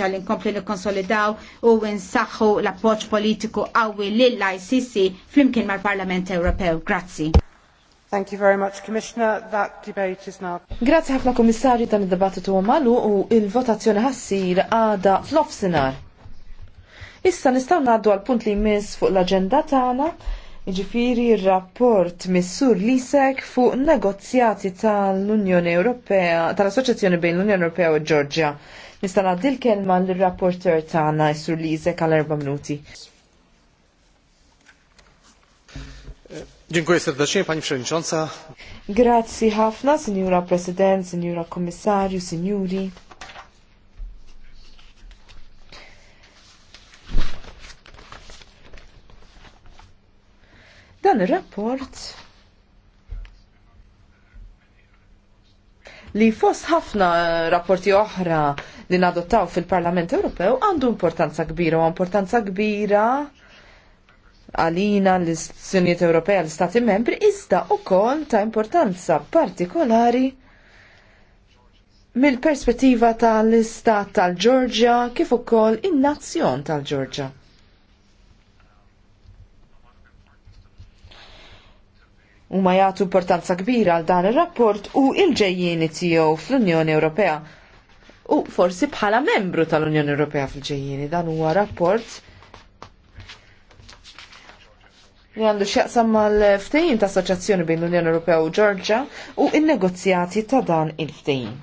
ħtieġa li nkompli nikkonsolidaw u nsaħħu l-appoġġ politiku qawwi lill-ICC flimkien mal-Parlament Ewropew. Grazzi. Thank you very much, Commissioner. That debate is now... Grazie ħafna Komissarju dan id-dibattitu għamalu u il-votazzjoni ħassir għada fl-offsinar. Issa nistaw naddu għal punt li jmiss fuq l-agenda tagħna Jiġifieri r-rapport missur lisek fuq negozjati tal-Unjoni Ewropea, tal-Assoċjazzjoni bejn l-Unjoni Ewropea u Ġorġja. Nista' ngħaddi l-kelma l rapporter tagħna Sur Lisek għal erba' minuti. Dziękuję serdecznie Pani Przewodnicząca. Grazzi ħafna, Signora President, Signora Kommissarju, Signori. Dan ir-rapport li fost ħafna rapporti oħra li nadottaw fil-Parlament Ewropew għandu importanza kbira u importanza kbira għalina l-Istituzzjonijiet Ewropea l-Stati Membri iżda ukoll ta' importanza partikolari mill-perspettiva tal-Istat tal-Ġorġja kif ukoll in-nazzjon tal-Ġorġja. u ma jagħtu importanza kbira għal dan ir-rapport u il-ġejjieni tiegħu fl-Unjoni Ewropea. U forsi bħala membru tal-Unjoni Ewropea fil-ġejjieni dan huwa rapport li għandu x'jaqsam mal-ftehim ta' assoċjazzjoni bejn l-Unjoni Ewropea u Ġorġa u n-negozjati ta' dan il-ftehim.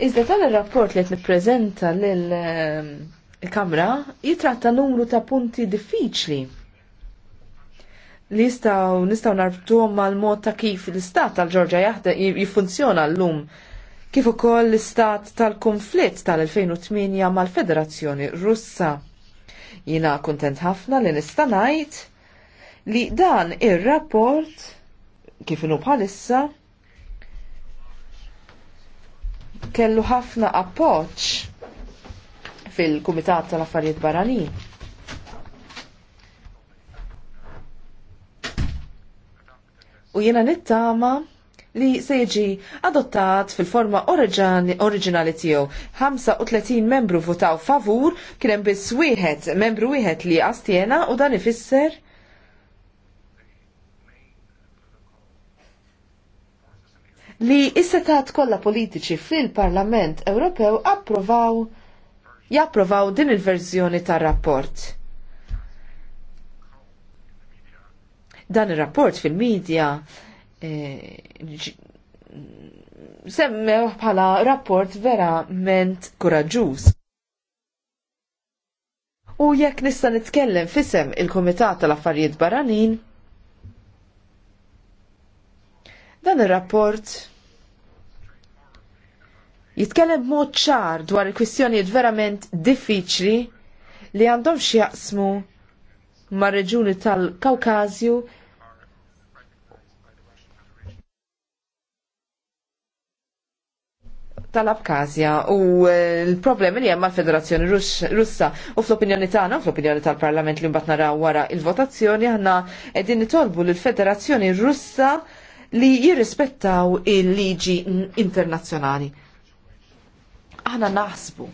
Iżda dan ir-rapport li qed nippreżenta l ehm, kamra jitratta numru ta' punti diffiċli li jistaw nistaw narbtuhom mal-mod ta' kif l-istat tal-Ġorġa jaħde jiffunzjona l-lum kif ukoll l-istat tal-konflitt tal-2008 mal-Federazzjoni Russa. Jina kontent ħafna li nista' ngħid li dan ir-rapport kif inhu bħalissa kellu ħafna appoġġ fil-Kumitat tal-Affarijiet Barranin. U jiena nittama li se jiġi adottat fil-forma oriġinali tiegħu. 35 membru votaw favur, kien hemm biss wieħed membru wieħed li qastjena u dan ifisser li is-setat kollha politiċi fil-Parlament Ewropew approvaw japprovaw din il-verżjoni tar-rapport. Dan ir-rapport fil-medja eh, semmew bħala rapport verament kuraġuż. U jekk nista' nitkellem fisem il-Kumitat tal-Affarijiet Barranin, Dan ir-rapport jitkellem b'mod ċar dwar il-kwistjonijiet verament diffiċli li għandhom x'jaqsmu ma' reġuni tal-Kawkazju tal-Abkazja u eh, l-problemi li hemm mal-Federazzjoni Russa u fl-opinjoni tagħna, fl-opinjoni tal-Parlament li mbagħad naraw wara il-votazzjoni aħna qegħdin nitolbu lill-Federazzjoni Russa li jirrispettaw il-liġi internazzjonali. Aħna naħsbu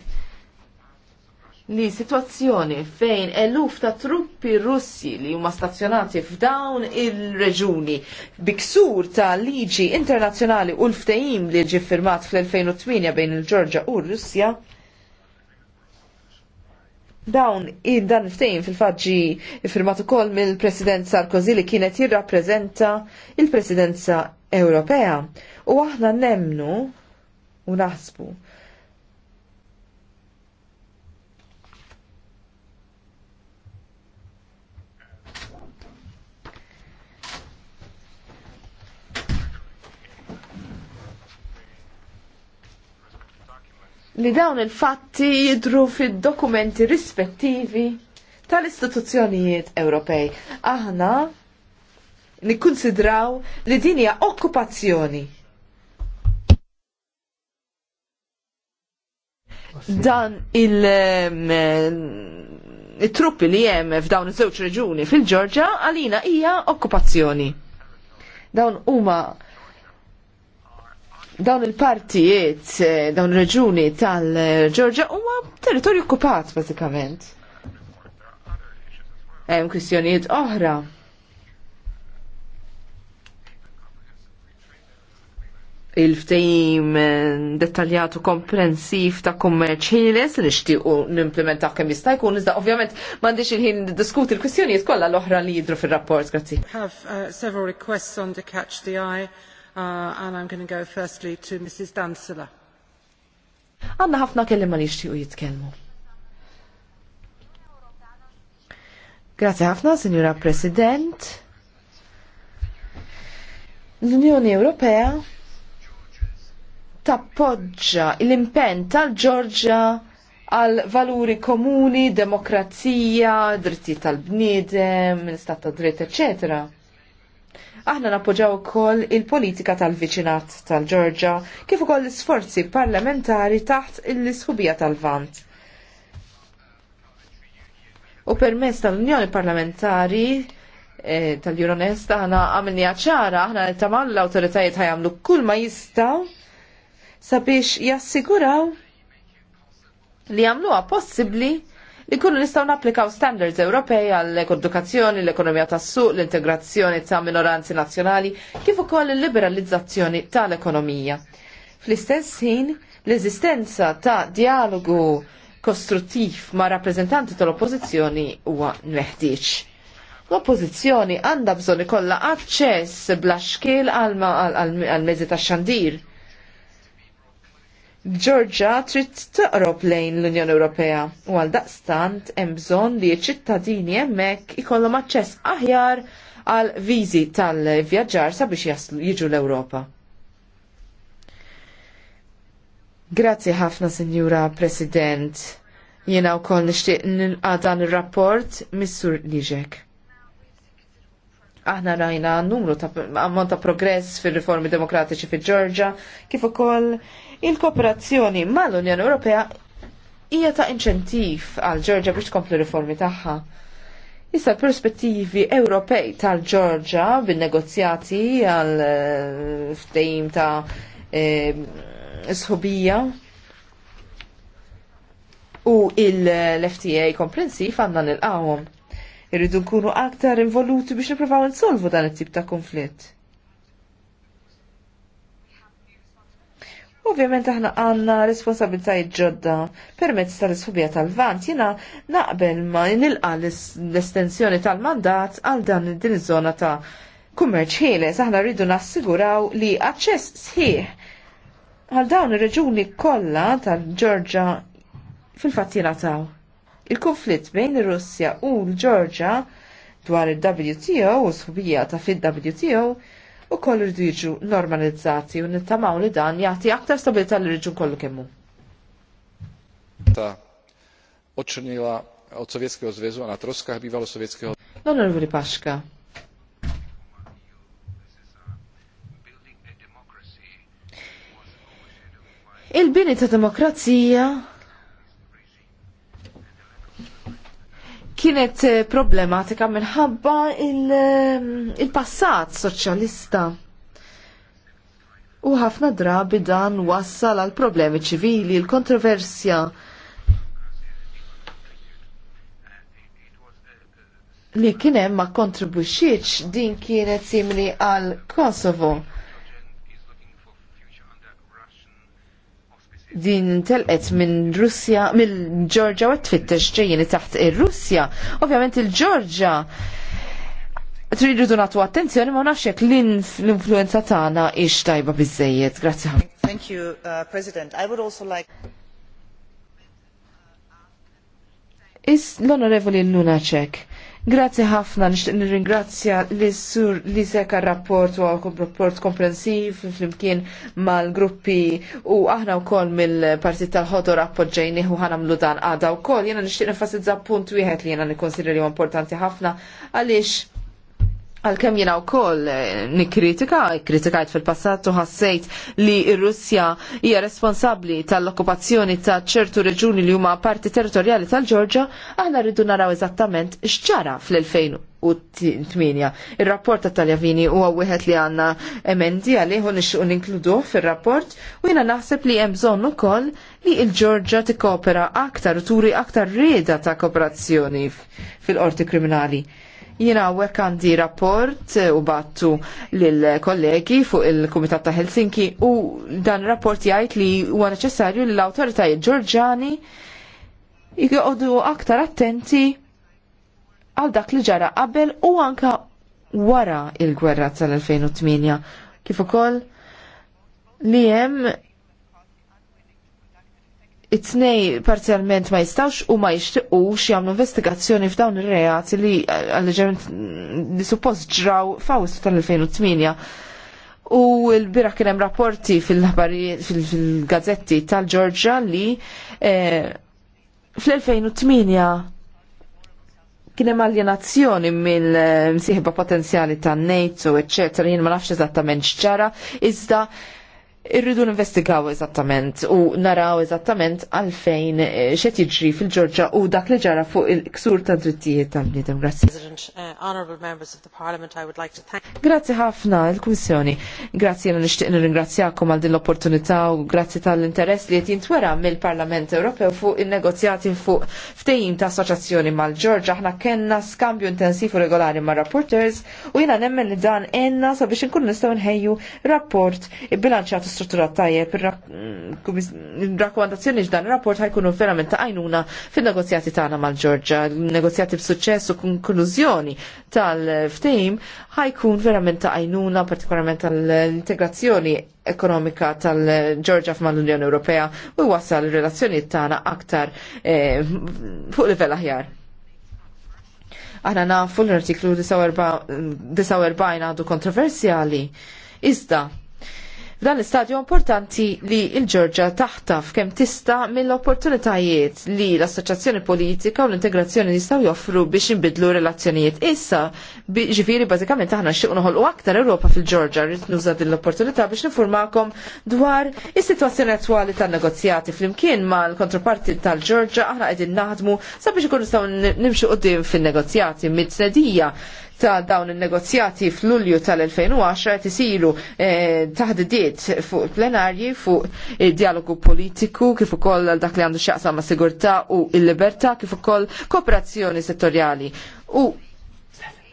li situazzjoni fejn eluf ta' truppi russi li huma stazzjonati f'dawn il-reġuni biksur ta' liġi internazzjonali u l-ftehim li ġi firmat fl-2008 bejn il-Ġorġa u r-Russja dawn id-dan ftejn fil-faġġi firmat ukoll mill-President Sarkozy li kienet jirrappreżenta il-Presidenza Ewropea. U aħna nemnu u naħsbu li dawn il-fatti jidru fid-dokumenti rispettivi tal-istituzzjonijiet Ewropej. Aħna nikkunsidraw li din hija okkupazzjoni. Dan il- it-truppi li jem f'dawn iż-żewġ reġuni fil ġorġja għalina hija okkupazzjoni. Dawn huma dawn il-partijiet, eh, dawn il-reġuni tal-ġorġa huma territorju okkupat bażikament. Hemm kwistjonijiet oħra. il-ftejim eh, dettaljatu komprensiv ta' kummerċ ħieles li xtiqu n implementa kemm jista' jkun, iżda ovvjament m'għandix il-ħin diskuti l-kwistjonijiet kollha l-oħra li jidru fir-rapport, grazzi. Have uh, several requests on the catch the eye. Uh, Għanna ħafna kelli ma xtiju jitkellmu. Grazie ħafna, Signora President. L-Unjoni Ewropea tappoġġa l-impenn tal-Ġorġa għal valuri komuni, demokrazija, dritti tal-bniedem, stat ta' dritt, eccetera. Aħna nappoġġaw ukoll il-politika tal-viċinat tal-Ġorġa kif ukoll l-isforzi parlamentari taħt l-isħubija tal-Vant. U permess tal-Unjoni Parlamentari eh, tal-Euronest aħna għamilni ċara aħna nittamaw l-autoritajiet ħajamlu kull ma jistaw sabiex jassiguraw li għamluha possibbli li kunu nistaw napplikaw standards Ewropej għall edukazzjoni l-ekonomija tas-suq, l-integrazzjoni ta' minoranzi nazzjonali, kif ukoll il-liberalizzazzjoni tal-ekonomija. Fl-istess ħin, l-eżistenza ta' dialogu kostruttiv ma' rappresentanti tal-oppożizzjoni huwa meħtieġ l-oppozizjoni għandha bżonn ikollha aċċess bla xkiel għal mezzi tax xandir. Ġorġa trid toqrob lejn l-Unjoni Ewropea u għal daqstant hemm bżonn li ċ-ċittadini hemmhekk ikollhom aċċess aħjar għal viżi tal-vjaġġar sabiex jaslu jiġu l-Ewropa. Grazzi ħafna, Sinjura President. Jiena wkoll nixtieq nilqa' dan ir-rapport missur Liġek aħna rajna numru ta' ammont ta' progress fil-riformi demokratiċi fil-Ġorġa, kif ukoll Il-kooperazzjoni mal-Unjoni Ewropea hija ta' inċentiv għal Ġorġa biex tkompli riformi tagħha. Issa l-perspettivi Ewropej tal-Ġorġa bin-negozjati għal eh, ftehim ta' eh, sħubija u l fta komprensiv għandna nil Irridu nkunu aktar involuti biex nipprovaw insolvu dan it-tip ta' konflitt Ovvjament aħna għanna responsabilitajiet ġodda permezz tal-isfubija tal-vant jina naqbel ma nilqa l-estensjoni tal-mandat għal dan din iż-żona ta' kummerċ ħiele aħna rridu nassiguraw li aċċess sħiħ għal dawn ir-reġuni kollha tal-Ġorġa fil-fatt jingħataw. Il-konflitt bejn ir-Russja u l-Ġorġa dwar il-WTO u sħubija ta' fil-WTO u koll irdu jiġu normalizzati u nittamaw li dan jagħti aktar stabilità li rridu kollu kemmu. Ta' odczyniła od Sowieckiego Związku, a na troskach bývalo Sowieckiego... No, no, Paška. Il-bini ta' demokrazija kienet eh, problematika minħabba eh, il-passat il soċjalista. U ħafna drabi dan wassal għal problemi ċivili, il-kontroversja. Li kienem ma kontribuxiex din kienet simili għal Kosovo. din intelqet minn Russja, mill Georgia u tfittex ġejjeni taħt ir-Russja. Ovvjament il georgia tridu nagħtu attenzjoni ma nafx hekk l-influenza tagħna hix tajba biżejjed. Grazzi Thank you, uh, President. I would also like Is l-Onorevoli Lunacek. Grazzi ħafna, nixtieq nirringrazzja l sur li seka rapport u għal rapport komprensiv flimkien mal-gruppi u aħna wkoll mill-partit tal-ħodor appoġġejni u ħana dan għada wkoll. Jiena nixtieq nifasidza punt wieħed li jiena nikkonsideri importanti ħafna għaliex Għal-kem jina u koll eh, nikritika, kritikajt fil-passat u ħassejt li Russja hija responsabli tal-okkupazzjoni ta' ċertu reġuni li huma parti territorjali tal-Ġorġa, aħna rridu naraw eżattament x'ġara fl-2008. Ir-rapport ta' Taljavini huwa wieħed li għandna emendi għalih u nixtiequ ninkluduh fir-rapport u jiena naħseb li hemm bżonn ukoll li l-Ġorġa koopera aktar u turi aktar rieda ta' kooperazzjoni fil-qorti kriminali Jina għawek għandi rapport eh, u battu l-kollegi fuq il-Komitat ta' Helsinki u dan rapport jgħid li huwa neċessarju l awtoritajiet ġorġani jgħodu aktar attenti għal dak li ġara qabel u anka wara il-gwerra tal-2008. Kif ukoll li hemm it-tnej parzjalment ma jistawx u ma jixtiequx jagħmlu investigazzjoni f'dawn ir-reati li għalġement eh, li suppost ġraw f'Awwissu tal-2008. U l-bira kien hemm rapporti fil-gazzetti tal-Ġorġa li eh, fl-2008 kien hemm aljenazzjoni mill-msieħba potenzjali tan nejtu eccetera, jien ma nafx eżattament x'ġara, iżda irridu investigaw eżattament u naraw eżattament għalfejn eh, xed tiġri fil-ġorġa u dak li ġara fuq il-ksur ta' drittijiet tal-bniedem. Grazie. Eh, grazzi ħafna il-Kummissjoni. Grazzi li nixtieq nirringrazzjakom għal din l-opportunità u grazzi tal-interess li qed jintwera mill-Parlament Ewropew fuq in-negozjati fuq ftehim ta' assoċjazzjoni mal-Ġorġa. Aħna kellna skambju intensiv u regolari ma' rapporters u jiena nemmen li dan għenna sabiex inkun nistgħu nħejju rapport bilanċat strutturat tajjeb, il-rakkomandazzjoni ġdan il-rapport ħajkunu verament ta' għajnuna fil-negozjati tagħna mal-Ġorġa, negozjati b'suċċess u konklużjoni tal ftejm ħajkun verament ta' għajnuna partikolarment tal-integrazzjoni ekonomika tal-Ġorġa f'mal-Unjoni Ewropea u wasal il-relazzjoni tagħna aktar eh, fuq livell aħjar aħna nafu l-artiklu 49 għadu kontroversjali. Iżda, F'dan l-istadju importanti li l-Ġorġa taħtaf kemm tista mill-opportunitajiet li l-assoċjazzjoni politika u l-integrazzjoni jistgħu joffru biex jinbidlu relazzjonijiet. Issa, ġifieri bażikament aħna xtieq noħolqu aktar Ewropa fil-Ġorġa rrit nuża din l-opportunità biex nifurmakom dwar is-sitwazzjoni attwali tan-negozjati flimkien mal-kontraparti tal-Ġorġa aħna qegħdin naħdmu sabiex ikun nistgħu nimxu qudiem fin-negozjati mid snedija ta' dawn il-negozjati fl ulju tal-2010 tisiru eh, taħdidiet fuq plenarji fuq dialogu politiku kif ukoll dak li għandu xaqsam ma' sigurtà u l-libertà kif ukoll kooperazzjoni settorjali. U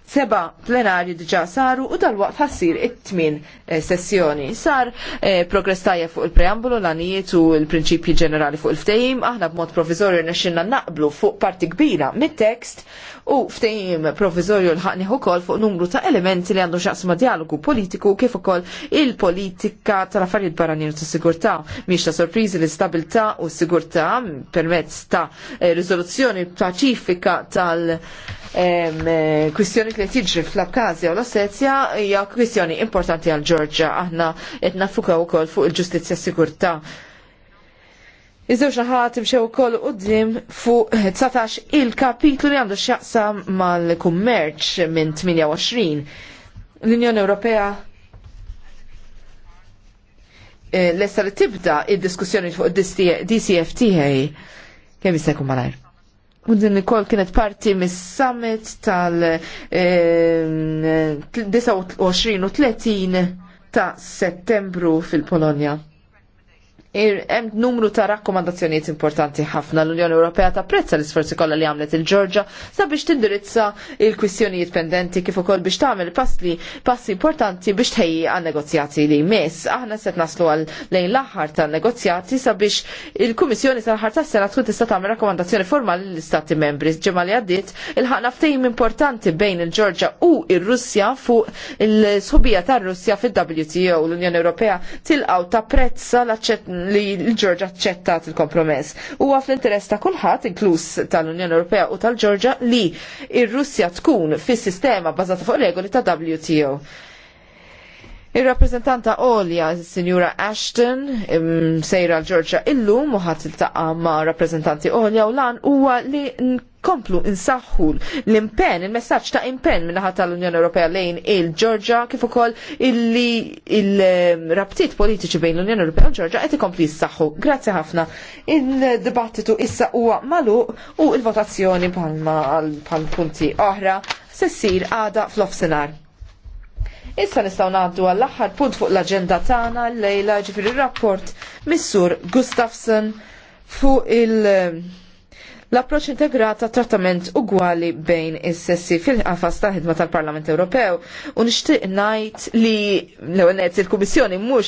Seba plenari diġa saru u dal-waqt ħassir it-tmin eh, sessjoni. Sar eh, progress tajja fuq il-preambulu, l-anijiet u l-prinċipji ġenerali fuq il-ftejim, aħna b'mod provizorju nexxinna naqblu fuq parti kbira mit-tekst u ftejim provizorju l-ħaqni ukoll fuq numru ta' elementi li għandu xaqsma dialogu politiku kif ukoll il-politika tal-affarijiet barranin u tas-sigurtà. Miex ta' sorpriżi li stabilità u s-sigurtà permezz ta' eh, riżoluzzjoni paċifika tal- Eh, kwistjoni li tiġri fl-Abkazja u l-Ossetja hija kwistjoni importanti għal Ġorġa. Aħna qed naffukaw ukoll fuq il-ġustizzja sigurtà. Iżewġ naħat imxew ukoll qudiem fuq 19 il-kapitlu li għandu x'jaqsam mal-kummerċ minn 28. L-Unjoni Ewropea eh, l-essa li tibda id-diskussjoni fuq DCFTA e. kemm jista' jkun malajr. U din ukoll kienet parti mis-summit tal-29 eh, u 30 ta' settembru fil-Polonja hemm numru ta' rakkomandazzjonijiet importanti ħafna l-Unjoni Ewropea tapprezza l-isforzi kollha li għamlet il-Ġorġa sabiex tindirizza il-kwistjonijiet pendenti kif ukoll biex tagħmel passi passi importanti biex tħejji għan negozjati li jmiss. Aħna se naslu għal lejn l-aħħar tan negozjati sabiex il-Kummissjoni sal aħħar tas-sena tkun tista' tagħmel rakkomandazzjoni formali l istati Membri. Ġimgħa li għaddiet il-ħaqna ftehim importanti bejn il-Ġorġa u r russja fuq il-subija tar-Russja fil-WTO l-Unjoni Ewropea tilqgħu tapprezza l-aċċett li l-Ġorġa ċettat il-kompromess. Huwa fl-interess ta' kulħadd, inkluż tal-Unjoni Ewropea u tal-Ġorġa, li ir-Russja tkun fis-sistema bbażata fuq regoli ta' WTO. Il-rappresentanta Olja, Signora Ashton, sejra l-ġorġa illum u ħat il-taqqa ma' rappresentanti Olja u lan huwa li Komplu insaħħu l-impen, il-messaġġ ta' impen ħat tal-Unjoni Ewropea lejn il-Ġorġa kif ukoll illi il-rabtiet politiċi bejn l-Unjoni Ewropea u Ġorġa qed ikomplu jissaħħu. Grazzi ħafna. Il-dibattitu issa huwa magħluq u l-votazzjoni palma għal punti oħra se ssir għada fl-offsenar. Issa nistgħu ngħaddu għall-aħħar punt fuq l-aġenda tagħna lejla ġifieri rapport Missur Gustafsson fuq il- l-approċ integrat ta' trattament ugwali bejn is-sessi fil-qafas ta' ħidma tal-Parlament Ewropew u nixtieq ngħid li l-ewwel il-Kummissjoni mhux